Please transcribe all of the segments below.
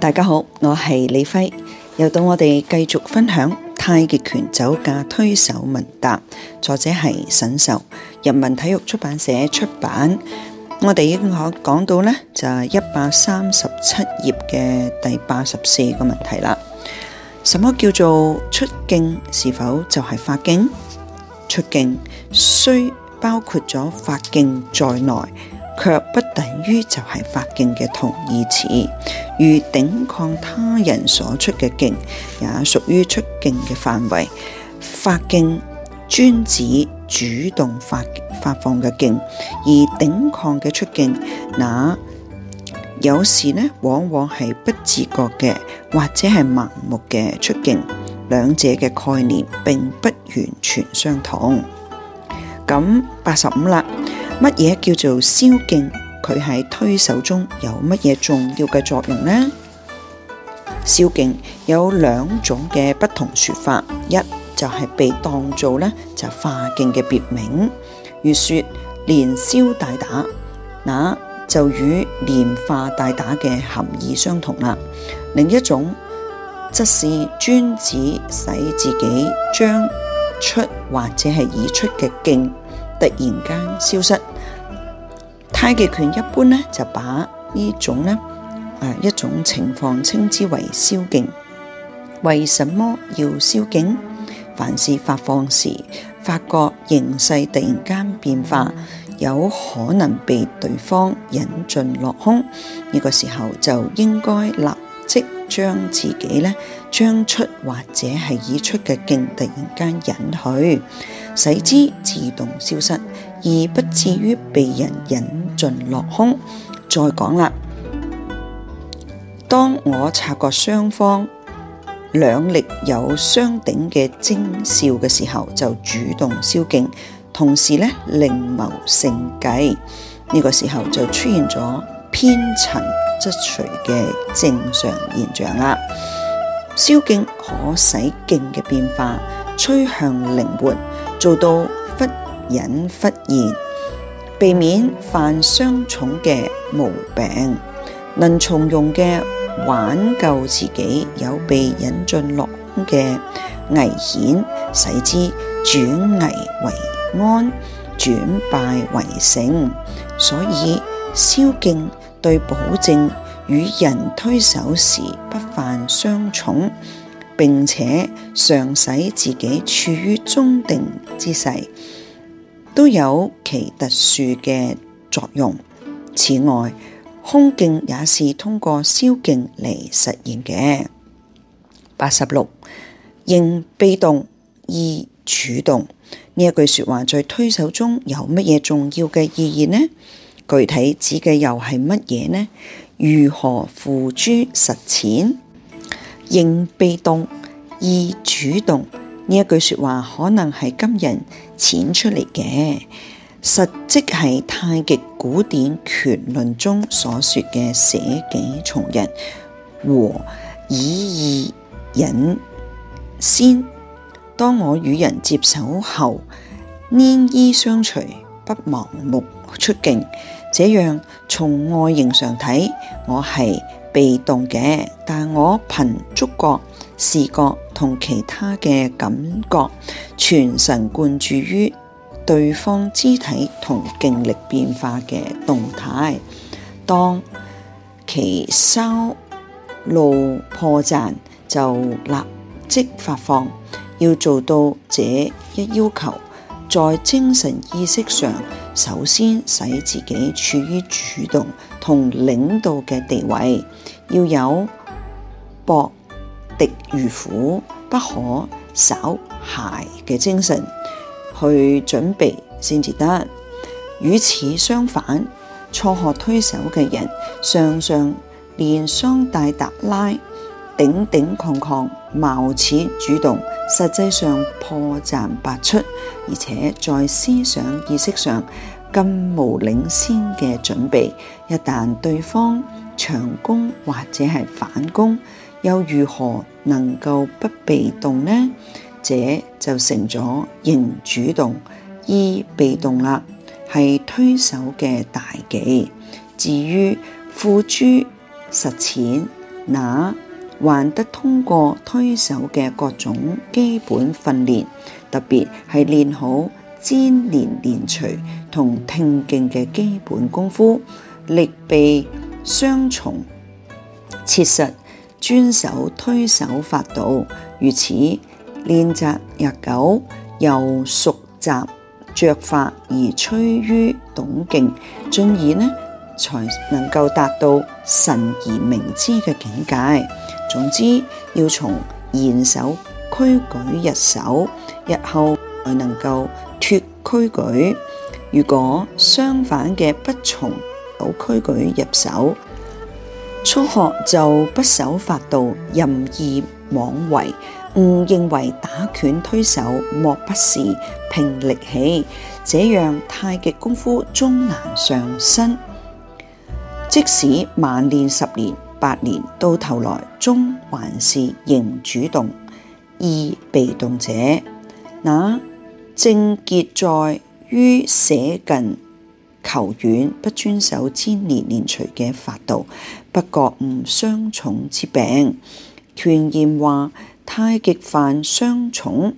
大家好，我係李輝，又到我哋繼續分享《太極拳走架推手問答》，作者係沈壽，人民體育出版社出版。我哋已經可講到咧，就係一百三十七頁嘅第八十四個問題啦。什麼叫做出勁？是否就係發勁？出勁需包括咗發勁在內。卻不等於就係發勁嘅同義詞，如頂抗他人所出嘅勁，也屬於出勁嘅範圍。發勁專指主動發發放嘅勁，而頂抗嘅出勁，那有時呢，往往係不自覺嘅或者係盲目嘅出勁。兩者嘅概念並不完全相同。咁八十五啦。乜嘢叫做消勁？佢喺推手中有乜嘢重要嘅作用呢？消勁有兩種嘅不同的說法，一就係被當做咧就化勁嘅別名，如說連消帶打，那就與連化帶打嘅含義相同啦。另一種則是專指使自己將出或者係已出嘅勁。突然間消失，太極拳一般咧就把呢種咧誒，一種情況稱之為消勁。為什麼要消勁？凡是發放時發覺形勢突然間變化，有可能被對方引進落空，呢個時候就應該立。將自己咧將出或者係已出嘅勁突然間引去，使之自動消失，而不至於被人引進落空。再講啦，當我察覺雙方兩力有相頂嘅徵兆嘅時候，就主動消勁，同時咧另謀勝計。呢、這個時候就出現咗偏沉。則除嘅正常現象啦、啊。消勁可使勁嘅變化趨向靈活，做到忽隱忽現，避免犯雙重嘅毛病，能從容嘅挽救自己有被引進落空嘅危險，使之轉危為安，轉敗為勝。所以消勁，宵對保證與人推手時不犯相重，並且常使自己處於中定之勢，都有其特殊嘅作用。此外，空勁也是通過消勁嚟實現嘅。八十六，應被動而主動呢一句說話，在推手中有乜嘢重要嘅意義呢？具體指嘅又係乜嘢呢？如何付諸實踐？應被動，意主動。呢一句說話可能係今人錢出嚟嘅，實即係太極古典拳論中所說嘅捨己從人和以意引先。當我與人接手後，黏衣相隨，不盲目出勁。這樣從外形上睇，我係被動嘅，但我憑觸覺、視覺同其他嘅感覺，全神貫注於對方肢體同勁力變化嘅動態。當其稍露破綻，就立即發放。要做到這一要求，在精神意識上，首先使自己處於主動同領導嘅地位，要有搏敵如虎不可稍懈嘅精神去準備先至得。與此相反，初學推手嘅人，常常連雙帶達拉，頂頂抗抗，貌似主動，實際上破綻百出，而且在思想意識上。咁無領先嘅準備，一旦對方強攻或者係反攻，又如何能夠不被動呢？這就成咗形主動，易被動啦，係推手嘅大忌。至於付諸實踐，那還得通過推手嘅各種基本訓練，特別係練好。粘連連錘同聽勁嘅基本功夫，力避雙重，切實遵守推手法道，如此練習日久，又熟習着法而趨於懂勁，進而呢才能夠達到神而明之嘅境界。總之，要從練手區舉入手，日後才能夠脫規矩。如果相反嘅，不從老規矩入手，初學就不守法度，任意妄為，誤認為打拳推手莫不是憑力氣，這樣太極功夫終難上身。即使慢練十年、八年，到頭來終還是仍主動而被動者，那症結在於捨近求遠，不遵守千年連隨嘅法道，不覺悟雙重之病。權言話太極犯雙重，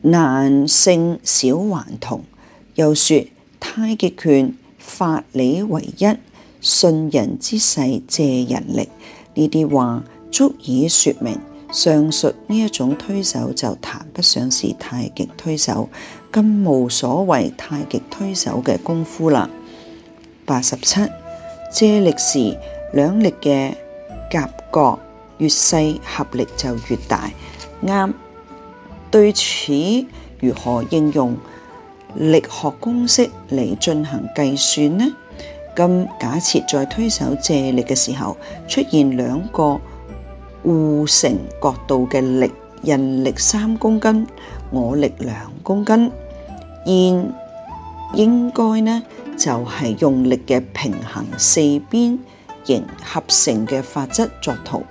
難勝小頑童。又説太極拳法理唯一，信人之勢借人力，呢啲話足以説明。上述呢一種推手就談不上是太極推手，更無所謂太極推手嘅功夫啦。八十七借力時，兩力嘅夾角越細，合力就越大。啱，對此如何應用力學公式嚟進行計算呢？咁假設在推手借力嘅時候出現兩個。互成角度嘅力，人力三公斤，我力兩公斤，現應該呢就係用力嘅平衡四邊形合成嘅法則作圖，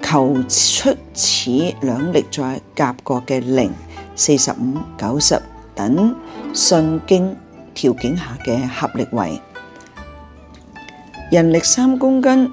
求出此兩力在夾角嘅零、四十五、九十等順經條件下嘅合力為人力三公斤，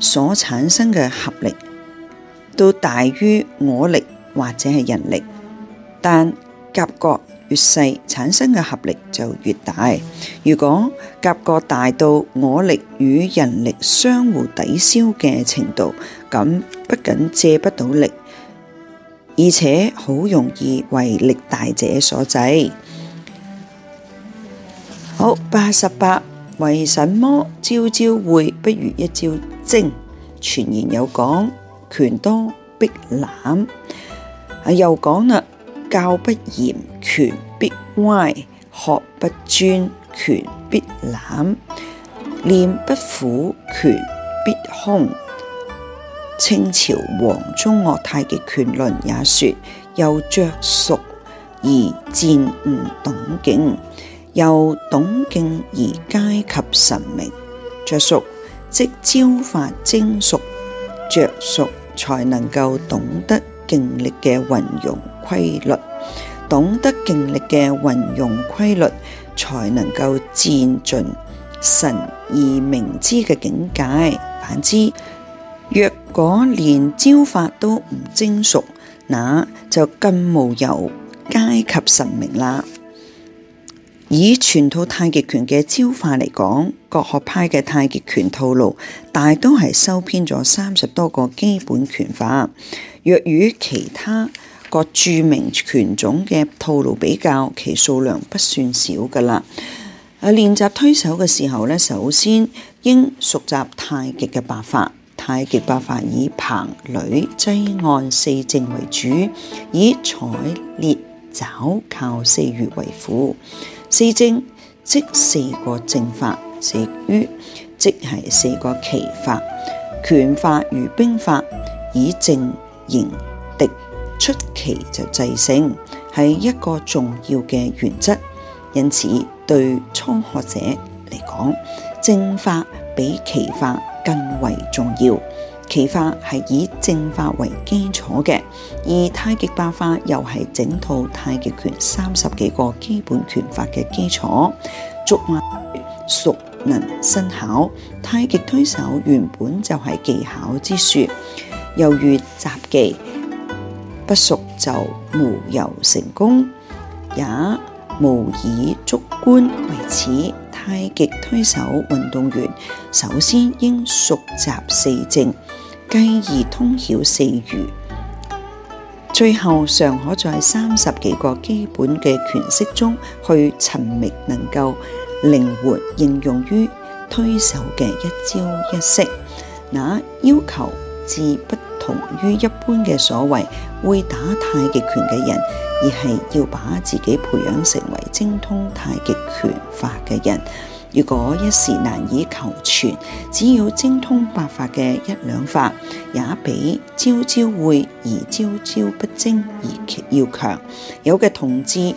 所產生嘅合力，都大於我力或者係人力，但夾角越細，產生嘅合力就越大。如果夾角大到我力與人力相互抵消嘅程度，咁不僅借不到力，而且好容易為力大者所制。好，八十八，為什麼招招會不如一招？精傳言有講，拳多必濫；又講啦，教不嚴，拳必歪；學不專，拳必濫；念不苦，拳必空。清朝王宗岳太極拳論也說：由着熟而漸悟懂勁，由懂勁而階及神明。着熟。即招法精熟着熟，才能夠懂得勁力嘅運用規律；懂得勁力嘅運用規律，才能夠漸進神而明之嘅境界。反之，若果連招法都唔精熟，那就更無由階及神明啦。以全套太極拳嘅招法嚟講，各學派嘅太極拳套路大都係收編咗三十多個基本拳法。若與其他各著名拳種嘅套路比較，其數量不算少㗎喇。誒，練習推手嘅時候咧，首先應熟習太極嘅八法。太極八法以掤、捋、擠、按四正為主，以採、挒、肘、靠四隅為輔。四正即四個正法，四隅即係四個奇法。拳法如兵法，以正迎敵，出奇就制勝，係一個重要嘅原則。因此，對初學者嚟講，正法比奇法更為重要。隅法係以正法為基礎嘅，而太極八法又係整套太極拳三十幾個基本拳法嘅基礎。俗話，熟能生巧，太極推手原本就係技巧之術，又如雜技，不熟就無由成功，也無以足觀為此。太極推手運動員首先應熟習四正。繼而通曉四隅，最後尚可在三十幾個基本嘅拳式中去尋覓能夠靈活應用於推手嘅一招一式。那要求自不同於一般嘅所謂會打太極拳嘅人，而係要把自己培養成為精通太極拳法嘅人。如果一時難以求全，只要精通八法嘅一兩法，也比招招會而招招不精而要強。有嘅同志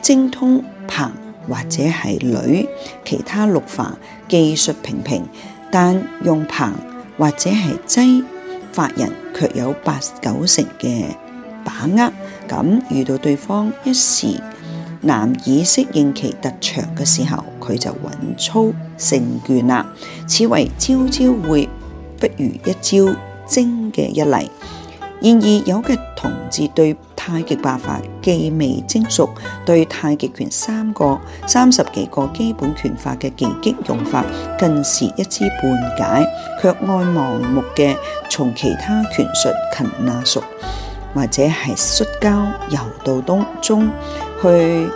精通掤或者係捋，其他六法技術平平，但用掤或者係擠法人，卻有八九成嘅把握。咁遇到對方一時難以適應其特長嘅時候。佢就穩操勝券啦，此為招招會不如一招精嘅一例。然而有嘅同志對太極八法既未精熟，對太極拳三個三十幾個基本拳法嘅技擊用法更是一知半解，卻愛盲目嘅從其他拳術擒拿、啊、術，或者係摔跤柔道當中去。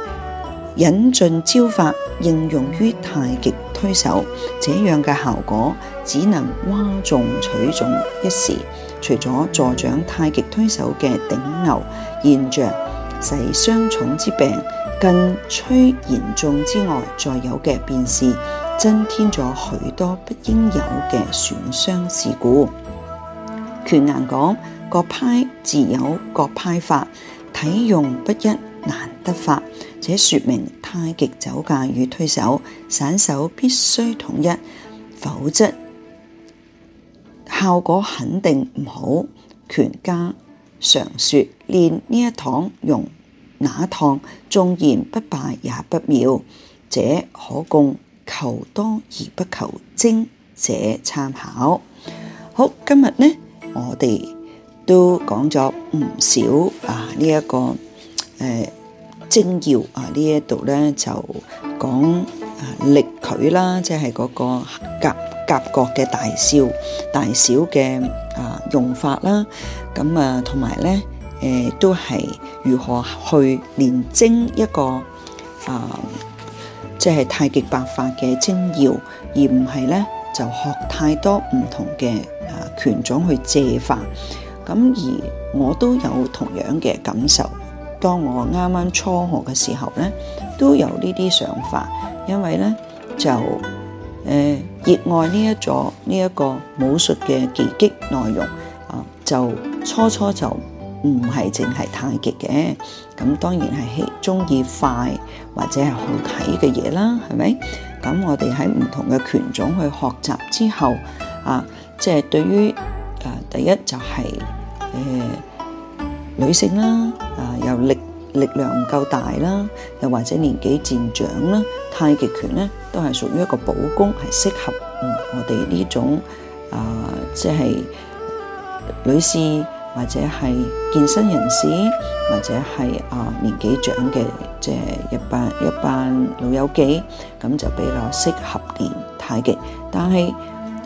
引進招法應用於太極推手，這樣嘅效果只能嘩眾取寵一時。除咗助長太極推手嘅頂牛現象，使雙重之病更趨嚴重之外，再有嘅便是增添咗許多不應有嘅損傷事故。權眼講：各派自有各派法，體用不一，難得法。這說明太極走架與推手散手必須統一，否則效果肯定唔好。拳家常說，練呢一趟用那趟，縱然不敗也不妙。這可供求多而不求精者參考。好，今日呢我哋都講咗唔少啊，呢一個誒。呃精要啊！呢一度咧，就講力佢啦，即係嗰個夾夾角嘅大小、大小嘅啊用法啦。咁啊，同埋咧，誒都係如何去練精一個啊，即係太極八法嘅精要，而唔係咧，就學太多唔同嘅啊拳種去借法。咁而我都有同樣嘅感受。當我啱啱初學嘅時候咧，都有呢啲想法，因為咧就誒熱愛呢一座呢一個武術嘅技擊內容啊，就初初就唔係淨係太極嘅，咁當然係中意快或者係好睇嘅嘢啦，係咪？咁我哋喺唔同嘅拳種去學習之後啊，即係對於誒第一就係誒。女性啦，啊又力力量唔夠大啦，又或者年紀漸長啦，太極拳咧都係屬於一個保功，係適合我哋呢種啊，即係女士或者係健身人士，或者係啊年紀長嘅即係一班一班老友記，咁就比較適合練太極。但係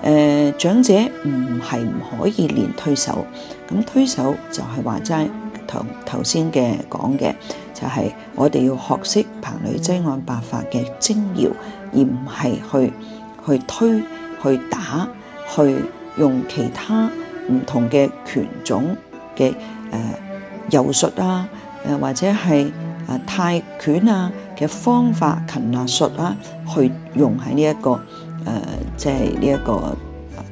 誒長者唔係唔可以練推手。咁推手就係話齋，同頭先嘅講嘅就係、是、我哋要學識掤捋擠按八法嘅精要，而唔係去去推、去打、去用其他唔同嘅拳種嘅誒柔術啊，誒或者係誒、呃、泰拳啊嘅方法擒拿術啊，去用喺呢一個誒、呃、即係呢一個、呃、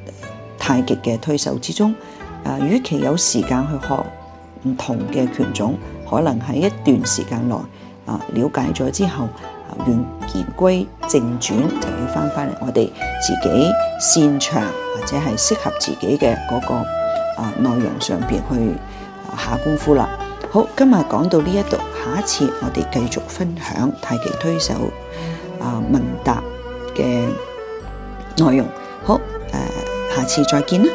太極嘅推手之中。啊，與其有時間去學唔同嘅拳種，可能喺一段時間內啊了解咗之後，啊言歸正傳就要翻翻嚟我哋自己擅長或者係適合自己嘅嗰個啊內容上邊去、啊、下功夫啦。好，今日講到呢一度，下一次我哋繼續分享太極推手啊問答嘅內容。好，誒、啊，下次再見啦。